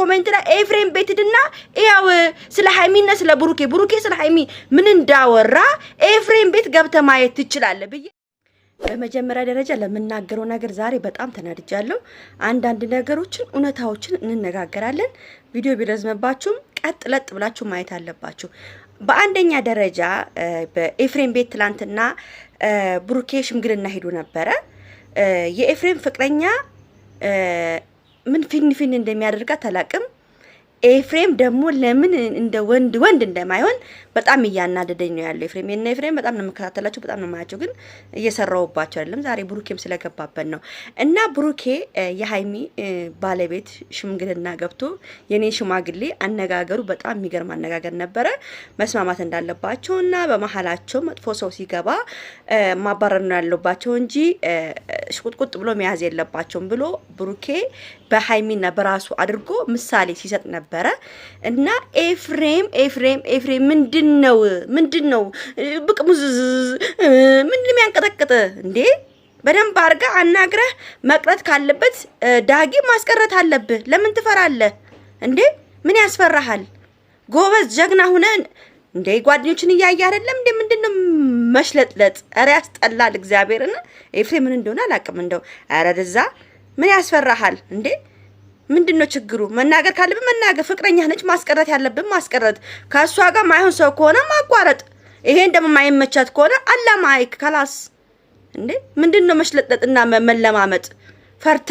ኮሜንት ላይ ኤፍሬም ቤትድና ያው ስለ ሀይሚና ስለ ብሩኬ ብሩኬ ስለ ሀይሚ ምን እንዳወራ ኤፍሬም ቤት ገብተ ማየት ትችላለህ ብዬ በመጀመሪያ ደረጃ ለምናገረው ነገር ዛሬ በጣም ተናድጃለሁ። አንዳንድ ነገሮችን እውነታዎችን እንነጋገራለን። ቪዲዮ ቢረዝምባችሁም ቀጥ ለጥ ብላችሁ ማየት አለባችሁ። በአንደኛ ደረጃ በኤፍሬም ቤት ትላንትና ብሩኬ ሽምግልና ሄዱ ነበረ። የኤፍሬም ፍቅረኛ ምን ፊን ፊን እንደሚያደርጋት አላቅም። ኤፍሬም ደግሞ ለምን እንደ ወንድ ወንድ እንደማይሆን በጣም እያናደደኝ ነው ያለው። ኤፍሬም የነ ኤፍሬም በጣም ነው የምከታተላቸው፣ በጣም ነው የማያቸው፣ ግን እየሰራውባቸው አይደለም። ዛሬ ብሩኬም ስለገባበት ነው እና ብሩኬ የሀይሚ ባለቤት ሽምግልና ገብቶ የኔ ሽማግሌ አነጋገሩ በጣም የሚገርም አነጋገር ነበረ። መስማማት እንዳለባቸው እና በመሀላቸው መጥፎ ሰው ሲገባ ማባረር ነው ያለባቸው እንጂ ሽቁጥቁጥ ብሎ መያዝ የለባቸውም ብሎ ብሩኬ በሀይሚና በራሱ አድርጎ ምሳሌ ሲሰጥ ነበር። ነበረ እና ኤፍሬም ኤፍሬም ኤፍሬም ምንድን ነው ምንድን ነው ብቅ ሙዝዝ የሚያንቀጠቅጥ እንዴ? በደንብ አድርጋ አናግረህ መቅረት ካለበት ዳጊ ማስቀረት አለብህ። ለምን ትፈራለህ እንዴ? ምን ያስፈራሃል? ጎበዝ ጀግና ሁነ እንዴ ጓደኞችን እያየ አይደለም እንዴ? ምንድነው መሽለጥለጥ? ኧረ ያስጠላል። እግዚአብሔርና ኤፍሬም ምን እንደሆነ አላውቅም። እንደው ኧረ ደዛ ምን ያስፈራሃል እንዴ? ምንድን ነው ችግሩ? መናገር ካለብን መናገር፣ ፍቅረኛ ነች። ማስቀረት ያለብን ማስቀረት፣ ከእሷ ጋር ማይሆን ሰው ከሆነ ማቋረጥ። ይሄን ደግሞ ማይመቻት ከሆነ አላማይክ ከላስ። እንዴ ምንድን ነው መሽለጥለጥና መለማመጥ? ፈርተ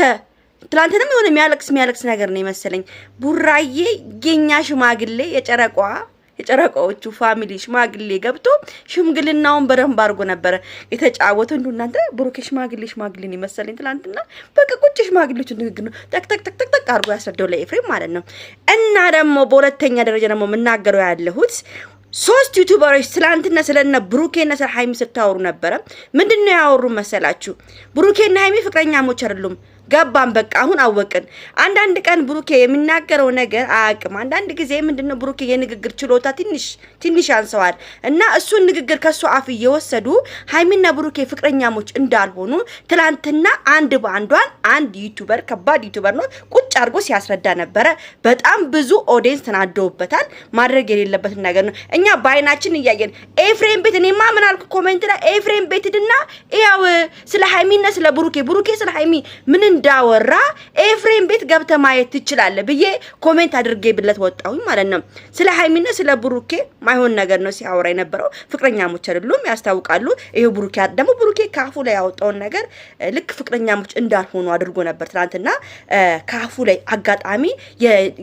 ትላንትንም የሆነ የሚያለቅስ የሚያለቅስ ነገር ነው የመሰለኝ። ቡራዬ የኛ ሽማግሌ የጨረቋ የጨረቃዎቹ ፋሚሊ ሽማግሌ ገብቶ ሽምግልናውን በደንብ አድርጎ ነበረ የተጫወተ። እንዱ እናንተ ብሩኬ ሽማግሌ ሽማግሌን ይመሰለኝ ትላንትና በቃ ቁጭ ሽማግሌዎች ንግግር ነው ጠቅጠቅጠቅጠቅ አድርጎ ያስረዳው ለኤፍሬም ማለት ነው። እና ደግሞ በሁለተኛ ደረጃ ደግሞ የምናገረው ያለሁት ሶስት ዩቱበሮች ትላንትና ስለነ ብሩኬና ስለ ሀይሚ ስታወሩ ነበረ። ምንድን ነው ያወሩ መሰላችሁ? ብሩኬና ሀይሚ ፍቅረኛሞች አይደሉም። ገባን። በቃ አሁን አወቅን። አንዳንድ ቀን ብሩኬ የሚናገረው ነገር አያውቅም። አንዳንድ ጊዜ ምንድነው ብሩኬ የንግግር ችሎታ ትንሽ ትንሽ ያንሰዋል እና እሱን ንግግር ከሱ አፍ እየወሰዱ ሀይሚና ብሩኬ ፍቅረኛሞች እንዳልሆኑ ትላንትና አንድ በአንዷን አንድ ዩቱበር ከባድ ዩቱበር ነው ቁጭ አድርጎ ሲያስረዳ ነበረ። በጣም ብዙ ኦዲየንስ ተናደውበታል። ማድረግ የሌለበትን ነገር ነው። እኛ በአይናችን እያየን ኤፍሬም ቤት እኔማ ምን አልኩ ኮሜንት ላይ ኤፍሬም ቤት ድና ያው ስለ ሀይሚና ስለ ብሩኬ ብሩኬ ስለ ሀይሚ ምን እንዳወራ ኤፍሬም ቤት ገብተ ማየት ትችላለ ብዬ ኮሜንት አድርጌብለት ወጣሁኝ ማለት ነው። ስለ ሀይሚና ስለ ብሩኬ ማይሆን ነገር ነው ሲያወራ የነበረው። ፍቅረኛሞች አይደሉም ያስታውቃሉ። ይሄ ብሩኬ ደግሞ ብሩኬ ካፉ ላይ ያወጣውን ነገር ልክ ፍቅረኛሞች እንዳልሆኑ አድርጎ ነበር ትናንትና። ካፉ ላይ አጋጣሚ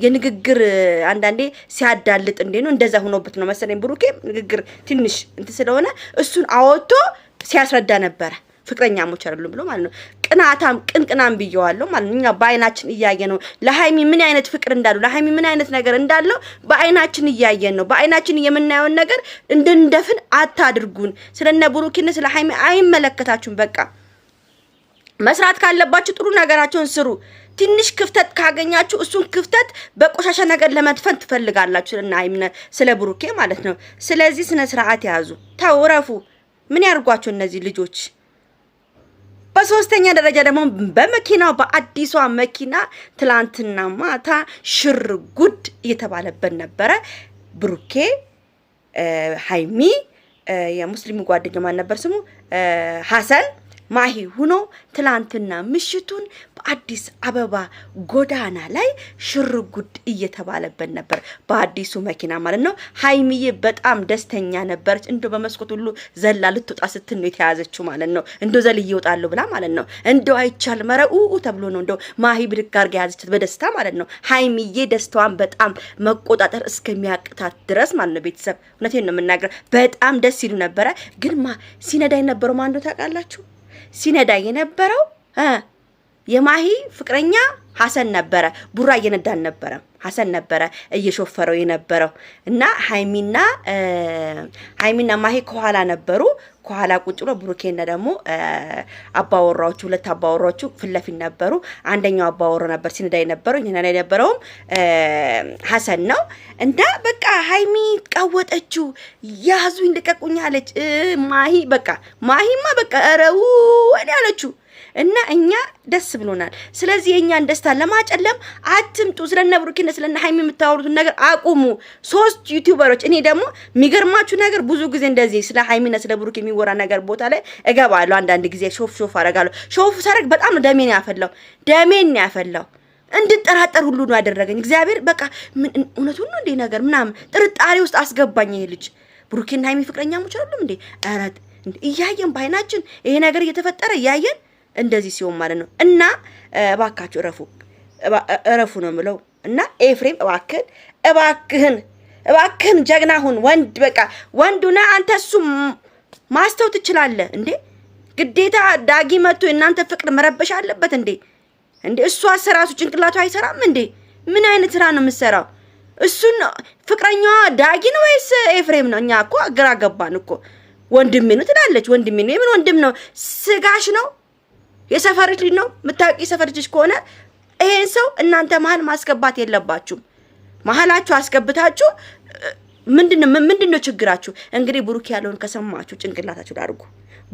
የንግግር አንዳንዴ ሲያዳልጥ እንዴ ነው እንደዛ ሆኖበት ነው መሰለኝ ብሩኬ ንግግር ትንሽ እንትን ስለሆነ እሱን አወጥቶ ሲያስረዳ ነበረ። ፍቅረኛሞች አይደሉም ብሎ ማለት ነው። ቅናታም ቅንቅናም ብየዋለሁ ማለት ነው። እኛ በአይናችን እያየ ነው ለሀይሚ ምን አይነት ፍቅር እንዳለው ለሀይሚ ምን አይነት ነገር እንዳለው በአይናችን እያየን ነው። በአይናችን የምናየውን ነገር እንድንደፍን አታድርጉን። ስለነ ብሩኪን ስለ ሀይሚ አይመለከታችሁም። በቃ መስራት ካለባችሁ ጥሩ ነገራቸውን ስሩ። ትንሽ ክፍተት ካገኛችሁ እሱን ክፍተት በቆሻሻ ነገር ለመድፈን ትፈልጋላችሁ። እና አይምነ ስለ ብሩኬ ማለት ነው። ስለዚህ ስነ ስርዓት ያዙ፣ ተውረፉ። ምን ያርጓቸው እነዚህ ልጆች? በሶስተኛ ደረጃ ደግሞ በመኪናው በአዲሷ መኪና ትላንትና ማታ ሽር ጉድ እየተባለበት ነበረ። ብሩኬ ሀይሚ፣ የሙስሊም ጓደኛ ማን ነበር ስሙ? ሀሰን ማሂ ሁኖ ትላንትና ምሽቱን በአዲስ አበባ ጎዳና ላይ ሽርጉድ እየተባለበት ነበር፣ በአዲሱ መኪና ማለት ነው። ሀይሚዬ በጣም ደስተኛ ነበረች። እንዶ በመስኮት ሁሉ ዘላ ልትወጣ ስትል ነው የተያዘችው ማለት ነው። እንዶ ዘል እወጣለሁ ብላ ማለት ነው። እንዶ አይቻል መረኡ ተብሎ ነው እንዶ ማሂ ብድግ አድርጋ የያዘችት በደስታ ማለት ነው። ሀይሚዬ ደስታዋን በጣም መቆጣጠር እስከሚያቅታት ድረስ ማለት ነው። ቤተሰብ እውነቴን ነው የምናገር፣ በጣም ደስ ይሉ ነበረ። ግን ማ ሲነዳ የነበረው ማንዶ ታውቃላችሁ? ሲነዳ የነበረው የማሂ ፍቅረኛ ሀሰን ነበረ። ቡራ እየነዳን ነበረ፣ ሀሰን ነበረ እየሾፈረው የነበረው እና ሀይሚና ሀይሚና ማሂ ከኋላ ነበሩ። ከኋላ ቁጭ ብሎ ብሩኬና ደግሞ አባወራዎቹ ሁለት አባወራዎቹ ፊት ለፊት ነበሩ። አንደኛው አባወራ ነበር ሲነዳ የነበረው እኛ ላይ የነበረውም ሀሰን ነው እና በቃ ሀይሚ ቀወጠችው፣ ያዙኝ ልቀቁኝ አለች ማሂ። በቃ ማሂማ በቃ ረው ወዲ አለችው እና እኛ ደስ ብሎናል። ስለዚህ የእኛን ደስታ ለማጨለም አትምጡ። ስለነ ብሩኪነ ስለነ ሀይሚ የምታወሩትን ነገር አቁሙ። ሶስት ዩቲዩበሮች እኔ ደግሞ የሚገርማችሁ ነገር ብዙ ጊዜ እንደዚህ ስለ ሀይሚና ስለ ብሩክ የሚወራ ነገር ቦታ ላይ እገባለሁ። አንዳንድ ጊዜ ሾፍ ሾፍ አረጋለሁ። ሾፍ ሳረግ በጣም ነው ደሜን ያፈላው፣ ደሜን ያፈላው እንድጠራጠር ሁሉ ነው ያደረገኝ። እግዚአብሔር በቃ እውነት ሁሉ እንዴ ነገር ምናምን ጥርጣሬ ውስጥ አስገባኝ። ይሄ ልጅ ብሩኬና ሀይሚ ፍቅረኛ ሙች እንዴ? ኧረ እያየን በአይናችን ይሄ ነገር እየተፈጠረ እያየን እንደዚህ ሲሆን ማለት ነው። እና እባካችሁ እረፉ፣ እረፉ ነው ምለው እና ኤፍሬም እባክህን፣ እባክህን፣ እባክህን ጀግና ሁን ወንድ፣ በቃ ወንዱና አንተ እሱ ማስተው ትችላለህ እንዴ? ግዴታ ዳጊ መጥቶ የእናንተ ፍቅር መረበሻ አለበት እንዴ? እንዴ እሷ ስራሱ ጭንቅላቱ አይሰራም እንዴ? ምን አይነት ስራ ነው የምትሰራው? እሱን ፍቅረኛዋ ዳጊ ነው ወይስ ኤፍሬም ነው? እኛ እኮ ግራ ገባን እኮ። ወንድሜ ነው ትላለች። ወንድሜ ነው የምን ወንድም ነው? ስጋሽ ነው የሰፈር ልጅ ነው የምታውቂ፣ የሰፈርሽ ልጅ ከሆነ ይሄን ሰው እናንተ መሀል ማስገባት የለባችሁም። መሀላችሁ አስገብታችሁ ምንድነው ምንድነው ችግራችሁ? እንግዲህ ብሩኬ ያለውን ከሰማችሁ ጭንቅላታችሁ ላድርጉ።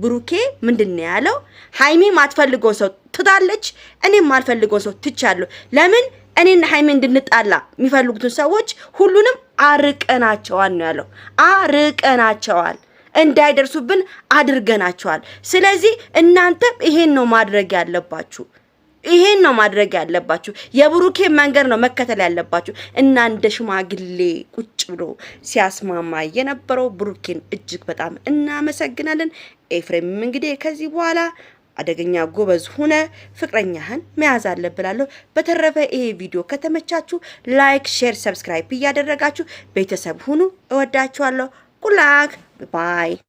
ብሩኬ ምንድነው ያለው? ሀይሜ ማትፈልገውን ሰው ትታለች፣ እኔም ማልፈልገውን ሰው ትቻለሁ። ለምን እኔና ሀይሜ እንድንጣላ የሚፈልጉትን ሰዎች ሁሉንም አርቀናቸዋል ነው ያለው። አርቀናቸዋል እንዳይደርሱብን አድርገናቸዋል። ስለዚህ እናንተ ይሄን ነው ማድረግ ያለባችሁ። ይሄን ነው ማድረግ ያለባችሁ። የብሩኬ መንገድ ነው መከተል ያለባችሁ እና እንደ ሽማግሌ ቁጭ ብሎ ሲያስማማ የነበረው ብሩኬን እጅግ በጣም እናመሰግናለን። ኤፍሬም እንግዲህ ከዚህ በኋላ አደገኛ ጎበዝ ሆነ ፍቅረኛህን መያዝ አለ ብላለሁ። በተረፈ ይሄ ቪዲዮ ከተመቻችሁ ላይክ፣ ሼር፣ ሰብስክራይብ እያደረጋችሁ ቤተሰብ ሁኑ። እወዳችኋለሁ። Good luck. bye.